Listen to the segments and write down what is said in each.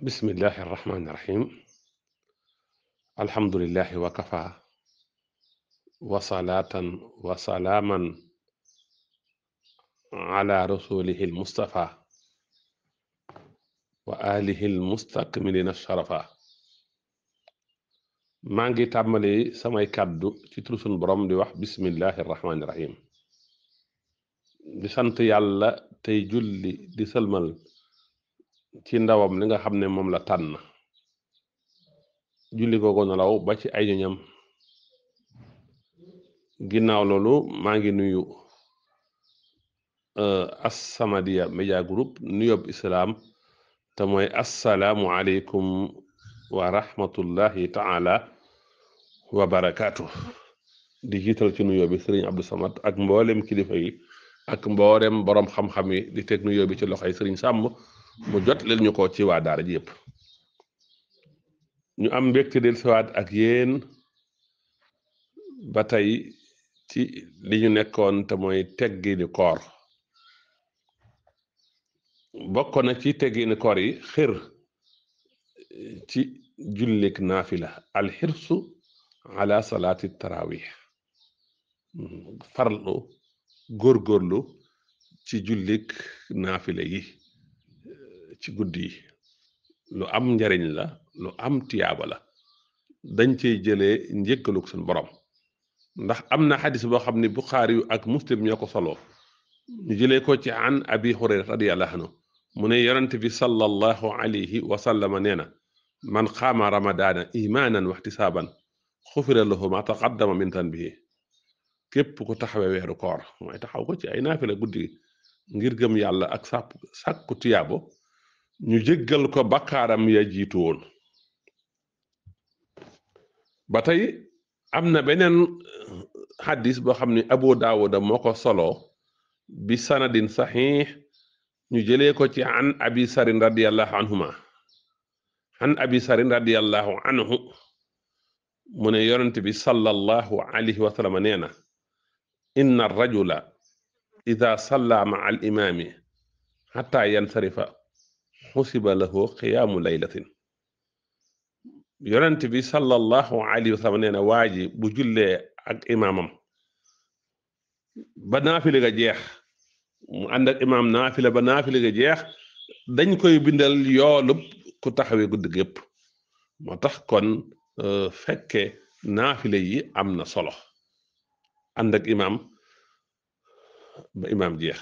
bismillahi irrahmani irrahim alhamdulilahi wa kafa wasalaatan wasalaaman ala rasulihi almustafa wa alihi almustakmilina sharafa maa ngi tàmbali samay kàddu ci tur sunu borom di wax bismillahi irrahmani di sant yàlla tey julli di sëlmal ci ndawam li nga xam ne moom la tànn julli googu na law ba ci ay ñoñam ginnaaw loolu maa ngi nuyu euh, As-Samadiyya Media Group nuyoob islaam te mooy assalaamu aleykum wa rahmatullahi taala wa barakaatu di jiital ci nuyoo bi sëriñ Abdou Samad ak mboolem kilifa yi ak mboolem boroom xam-xam yi di teg nuyoo bi ci loxoy sëriñ Sàmb mu jot leen ñu ko ci waa daara ji ñu am mbégte del siwaat ak yéen ba tey ci li nekkoon te mooy teggiini koor bokk na ci teggiini koor yi xir ci jullik naafila alxirsu ala salaati tarawih farlu góorgóorlu ci jullik naafila yi ci guddi lu am njariñ la lu am tiyaaba la dañ cey jëlee njëkkalug sun borom ndax am na xadis boo xam ne buxaari yu ak muslim ñoo ko soloo ñu jëlee ko ci an abi hurayra radiyallahu anhu mu ne yonent bi sallallahu alayhi wa sallama nee na man qaama ramadaana imaanan waxtisaaban xufira lahu ma taqaddama min bi képp ku taxawee weeru koor mooy taxaw ko ci ay naafila guddi ngir gëm yàlla ak sàpp sàkku tiyaabo ñu jéggal ko bakkaaram ya jiitu ba tey am na beneen uh, xadis boo xam ne abu daawuda moo ko solo bi sanadin saxiix ñu jëlee ko ci an abi sarin radiallahu anhuma an abi sarin radiallahu anhu mu ne yonent bi sallallahu alayhi wa sallam na inna rajula ida salla ma al imaami xataa yansarifa xusiba lahu qiyaamu laylatin yonent bi sallallahu alayhi wa sallam nee na waa ji bu jullee ak imaamam ba naafile jeex mu ànd ak imaam naafile ba naafile ga jeex dañ koy bindal yoolub ku taxawee guddi gépp moo tax kon euh, fekke naafile am na solo ànd ak imaam ba imaam jeex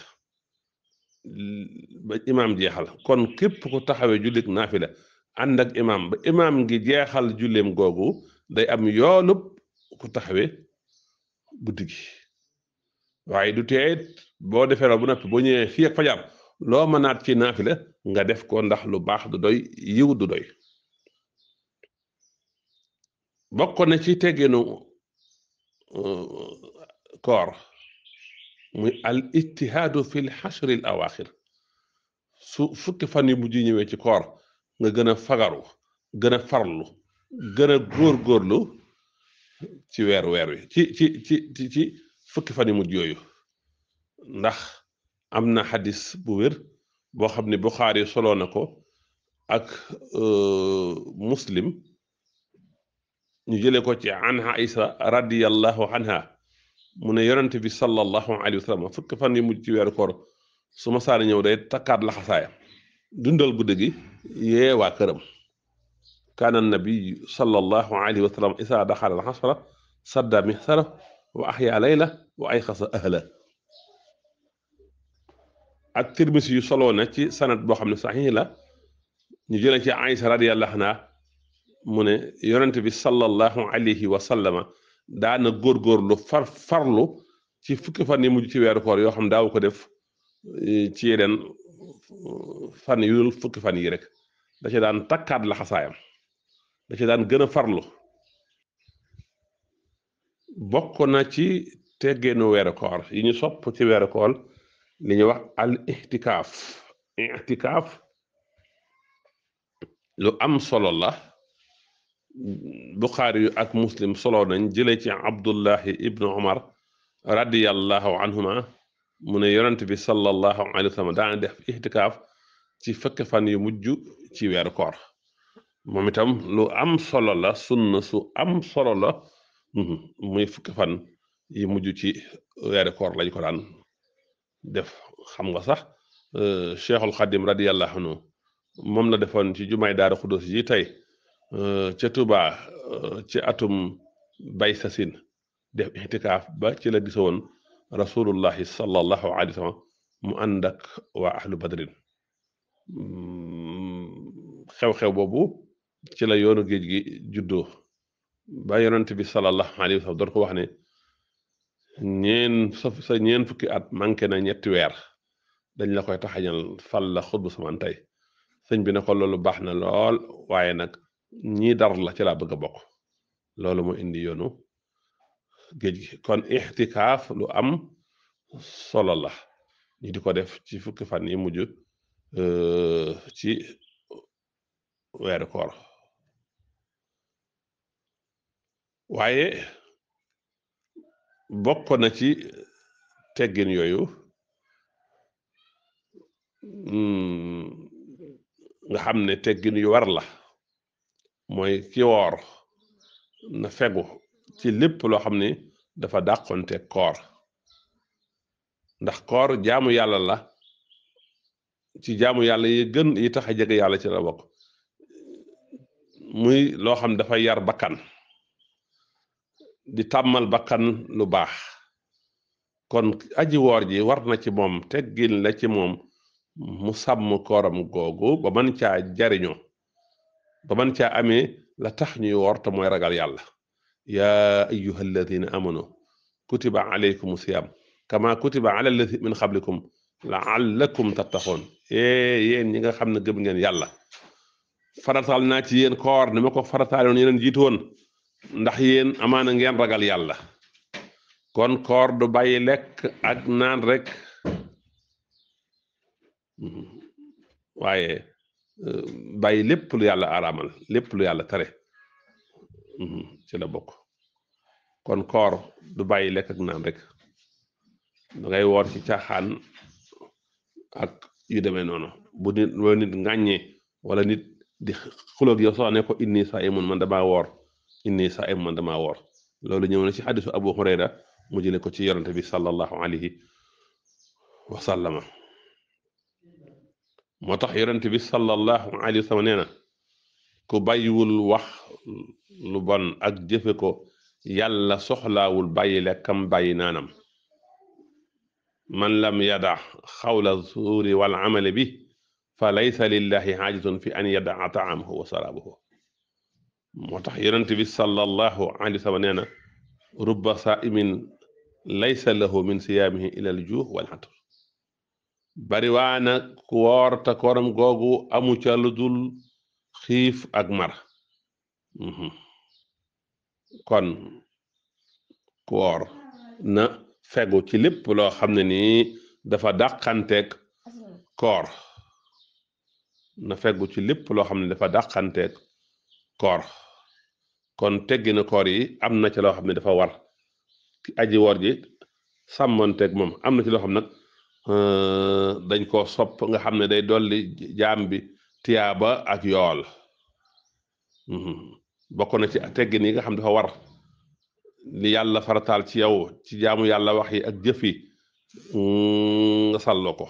ba imaam jeexal kon képp ku taxawee jullit naafila ànd ak imaam ba imaam ngi jeexal julleem googu day am yoolub ku taxawee guddi gi waaye du tee boo defee loolu noppi boo ñëwee fii ak fajar loo mënaat ci naafila nga def koo ndax lu baax du doy yiw du doy bokk na ci tegginu uh, koor muy al ijtihaadu fi l xashri l su fukki fan yu mujj ñëwee ci koor nga gën a fagaru gën a farlu gën a góorgóorlu ci weer weer wi ci ci ci ci fukki fan yu mujj yooyu ndax am na xadis bu wér boo xam ne Buxaari soloo na ko ak euh, muslim ñu jële ko ci anha isa radiyallahu anha mu ne yonente bi sallallahu alayhi wa sallam fukki fan yu mu ci weeru koor su ma saani ñëw day takkaat laxasaayam dundal guddi gi yee waa këram kaana nabi sallallahu alayhi wa sallam isaa daxala alxasra sadda mixsara wa axyaa layla wa ayxasa ahla ak tirmisi yu soloo na ci sanat boo xam ne saxiix la ñu jëlee ci Aysa radiyallahu anha mu ne yonente bi sallallahu alayhi wa sallama daana góorgóorlu far farlu ci fukki fan yi mujj ci weeru koor yoo xam daaw ko def e, ci yeneen e, fan yu fukki fan yi rek da ci daan takkaat laxasaayam xasaayam da ci daan gën a farlu bokk na ci teggeenu weeru koor yi ñu sopp ci weeru koor li ñuy wax al ixtikaaf ixtikaaf lu am solo la buxaari yu ak muslim solo nañ jëlee ci abdullahi ibnu omar radiallahu anhuma mu ne yonent bi sallallahu alayhi wa sallam daana def ixtikaaf ci fukki fan yu mujj ci weer koor moom itam lu am solo la sunna su am solo la mhm, muy fukki fan yi mujj ci weeru koor lañ ko daan def xam nga sax euh, cheikhul xadim radiallahu anhu moom na defoon ci jumaay daara xudus yi tey Euh, ca Touba euh, ci atum bay sasin def itikaaf ba ci la gisa woon rasulullahi sallallahu alayhi wa mu ànd ak waa ahlu badrin mm, xew-xew boobu ci la yoonu géej gi juddo ba yonent bi sallallahu alayhi wa sallam doon wax ne ñeen sa sa fukki at manqué na ñetti weer dañ la koy taxañal fal la xutbu samaan tey sëñ bi ne ko loolu baax na lool waaye nag ñii dar la ci laa bëgg a bokk loolu mu indi yoonu géej gi kon ixtikaaf lu am solo la ñu di ko def ci fukki fan yi mujj euh, ci weeru koor waaye bokk na ci teggin yooyu mm, nga xam ne teggin yu war la mooy ki woor na fegu ci lépp loo xam ni dafa dàqonte koor ndax koor jaamu yàlla la ci jaamu yàlla yi gën yi tax a jege yàlla ci la bokk muy loo xam dafa yar bakkan di tàmmal bakkan lu baax kon aji woor ji war na ci moom teggin la ci moom mu sàmm kooram googu ba man caa jariñoo ba man caa amee la tax ñuy woor te mooy ragal yàlla yaa ayuha alladina amanu kutiba alaykum siyam kama kutiba ala alladi min qablikum laallakum tattaxoon ee eh, yéen ñi nga xam ne gëm ngeen yàlla farataal naa ci yéen koor ni ma ko farataaloon yeneen jiitu woon ndax yéen amaana ngeen ragal yàlla kon koor du bàyyi lekk ak naan rek mhm. waye bàyyi lépp lu yàlla araamal lépp lu yàlla tare mhm, ci la bokk kon koor du bàyyi lekk ak naan rek da woor ci caaxaan ak yu demee noonu bu nit wala nit ngàññee wala nit di xuloog yow soo ne ko inni saa'imun man damaa woor inni saa'imun man damaa woor loolu ñëw na ci xadisu Abu Hurayra mu jële ko ci yonante bi sallallahu alayhi wa moo tax yonent bi sallallahu alayhi wa sallam nee na ku bàyyiwul wax lu bon ak jëfe ko yàlla soxlaawul bàyyi lekkam bàyyi naanam man lam yada xawla zuuri wal amali bi fa laysa lillahi xaajatun fi an yadaa taamahu wa saraabuhu moo tax yonent bi sallallahu alayhi wa sallam nee na rubba saimin laysa lahu min siyaamihi ila al juux wal xatar bari waa na ku woor te kooram googu amu ca lu dul xiif ak mar mhm. kon ku na fegu ci lépp loo xam ne nii dafa dàqanteeg koor na fegu ci lépp loo xam ne dafa dàqanteeg koor kon tegginu koor yi am na ci loo xam ne dafa war ki aji woor ji sàmmanteeg moom am na ci loo xam nag dañ ko sopp nga xam ne day dolli jaam bi tiyaaba ak yool mhm. bokk na ci teggin yi nga xam ne dafa war li yàlla farataal ci yow ci jaamu yàlla wax yi ak jëf yi mm, nga sàlloo ko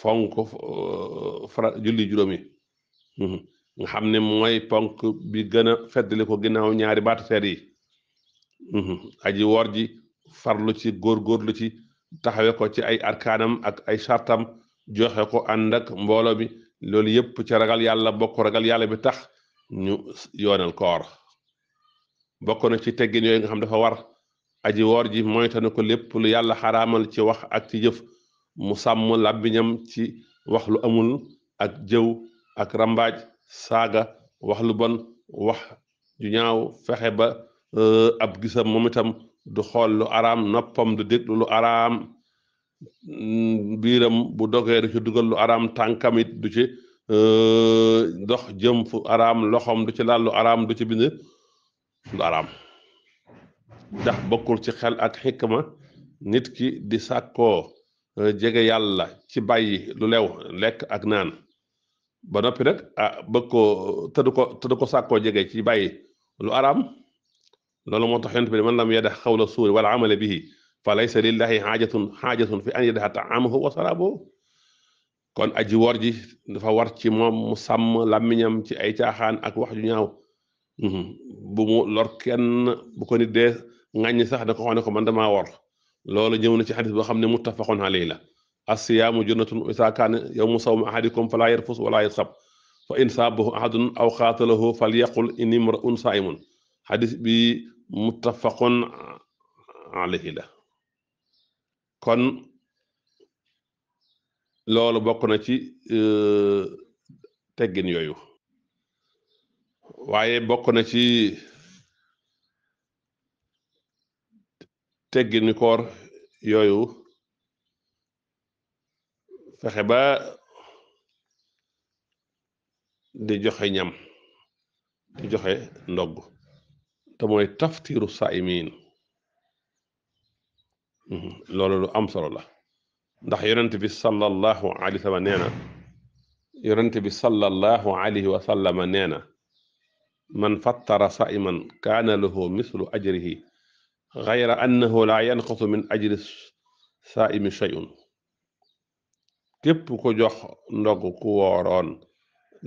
fonk uh, julli juróomi mhm. nga xam ne mooy ponk bi gën a feddali ko ginnaaw ñaari baatu seet yi mhm. aji woor ji farlu ci góorgóorlu ci taxawe ko ci ay arkaanam ak ay sartam joxe ko ànd ak mbooloo bi loolu yëpp ci ragal yàlla bokk ragal yàlla bi tax ñu yoonal koor bokk na ci teggin yooyu nga xam dafa war aji woor ji moytanu ko lépp lu yàlla xaraamal ci wax ak ci jëf mu sàmm làmmiñam ci wax lu amul ak jëw ak rambaaj saaga wax lu bon wax ju ñaaw fexe ba euh, ab gisam moom du xool lu araam noppam du déglu lu araam biiram bu dogee du ci lu araam tànkam du ci euh, dox jëm fu araam loxoom du ci laal lu araam du ci bind lu araam ndax bokkul ci xel ak xikma nit ki di sàkkoo euh, jege yàlla ci bàyyi lu lew lekk ak naan ba noppi rek ah bëgg ko tëdd ko tëdd jege ci bayi lu araam loolu moo tax yonent bi man lam yadax xawla suuri wala amala bihi fa laysa lillahi xaajatun xaajatun fi an yadaxa taamahu wa saraabahu kon aji wor ji dafa war ci moom mu sàmm làmmiñam ci ay caaxaan ak wax ju ñaaw mhm. bu mu lor kenn bu ko nit dee ŋàññi sax da ko xam ne ko man damaa wor loolu ñëw na ci xadis boo xam ne muttafaqun alayhi la assiyaamu junnatun isaa kaana yawmu sawmi ahadikum falaa yarfus walaa yasab fa in saabahu ahadun aw qaatalahu falyaqul inni mraun saaimun xadis bi muttafaqun alayhi la kon loolu bokk na ci euh, teggin yooyu waaye bokk na ci teggini koor yooyu fexe ba di joxe ñam di joxe ndogg te mooy taftiru saaimin loolu lu am solo la ndax yonent bi sallallahu alayhi wa sallam nee na yonent bi sallallahu alayhi wa sallama nee na man fattara saiman kaana lahu mislu ajrihi gayra annahu laa yanqusu min ajri saaimi shay'un képp ku jox ndog ku wooroon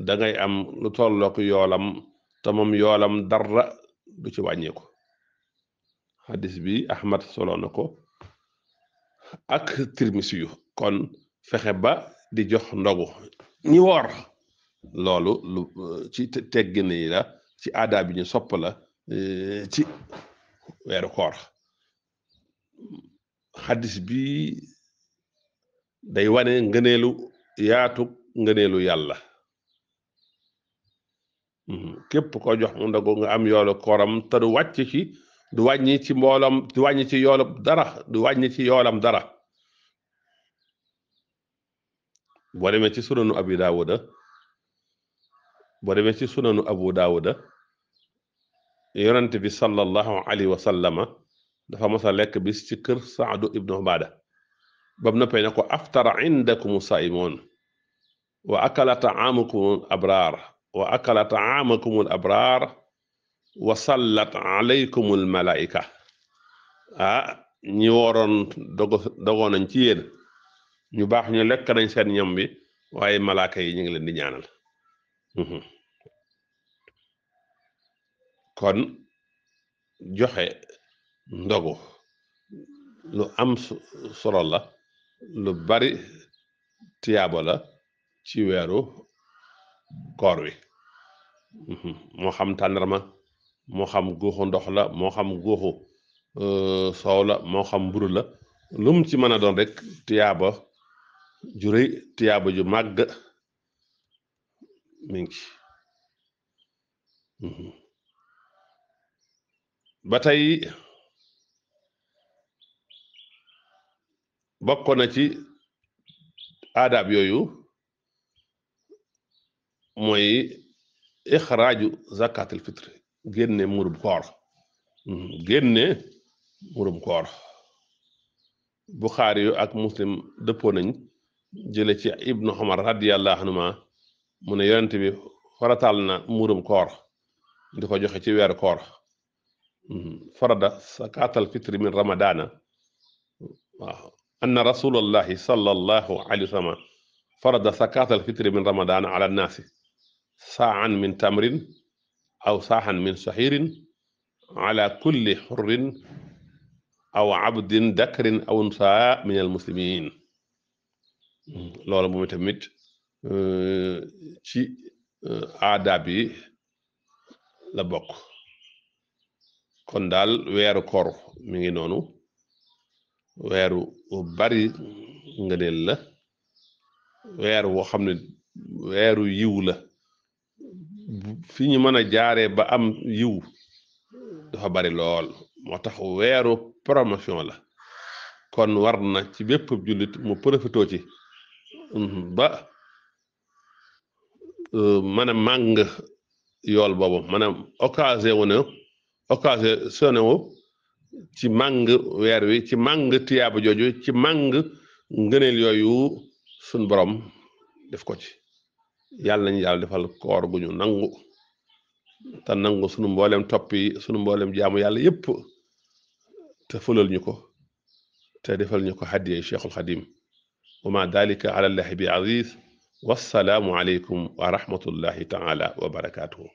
dangay am lu tollook yoolam te moom yoolam dara du ci wàññeeku xadis bi ahmad solo na ko ak tirmisi yu kon fexe ba di jox ndogu ñi woor loolu lu ci teggin yi la ci aada bi ñu sopp la e, ci weeru koor xadis bi day wane ngëneelu yaatu ngëneelu yàlla Mhm. képp ko jox mu ndago nga am yoolo koram te du wàcc ci du wàññi ci mboolam wàññi ci yoolam dara du wàññi ci yoolam dara boo demee ci sunanu abi daawuda boo demee ci sunanu abu daawuda yonent bi sallallahu alayhi wa sallama dafa masa lekk bis ci kër saadu ibnu ubaada bam noppee ne ko aftara indakum saimoon wa akala taamukum abraar wa akala taamakumul abraar wa sallat aleykumul malaika ah ñi wooroon dogo nañ ci yéen ñu baax ñu lekk nañ seen ñam wi waaye malaaka yi ñu ngi leen di ñaanal mhm. kon joxe ndogu lu am solo la lu bari tiyaabo ci weeru koor wi mhm. moo xam tàndarma moo xam guuxu ndox la moo xam guuxu euh, soow la moo xam mburu la lu ci mën a doon rek tiyaaba ju rëy tiyaaba ju màgg mi ngi mhm. ba tey bokk na ci aadaab yooyu mooy ixraaju zakatul fitre génne murum koor mhm, génne murum koor buxaari yu ak muslim dëppoo nañ jële ci ibnu xamar radiyallahu anhuma mu ne yonent bi faratal na murum koor di ko joxe ci weeru koor mhm, farada zakatul fitre min ramadana waaw anna rasulallahi sallallahu alayhi wa sallam farada fitre min ramadana ala nnaasi saaxan min tamrin aw saaxan min saxiirin ala kulli xurrin aw abdin dakrin aw unsaa min al muslimin loolu moom tamit eh, ci eh, aadaab yi la bokk kon daal weeru koor mi ngi noonu weeru bari ngëneel la weer woo xam ne weeru yiw la fi ñu mën a jaaree ba am yiw dafa bari lool moo tax weeru promotion la kon war na ci bépp jullit mu profité ci mhm, ba euh, man a màng yool boobu man occasion wu ne occasion wu ci màng weer wi ci màng tiyaaba jooju ci màng ngëneel yooyu sun borom def ko ci yàlla nañu yàlla defal koor gu ñu nangu te nangu sunu mboolem topp yi sunu mboolem jaamu yàlla yépp te fulal ñu ko te defal ñu ko hadiya cheikhul xadim wa ma dalika ala llahi bi aziz wassalaamu aleykum wa rahmatullahi taala wa barakatuhu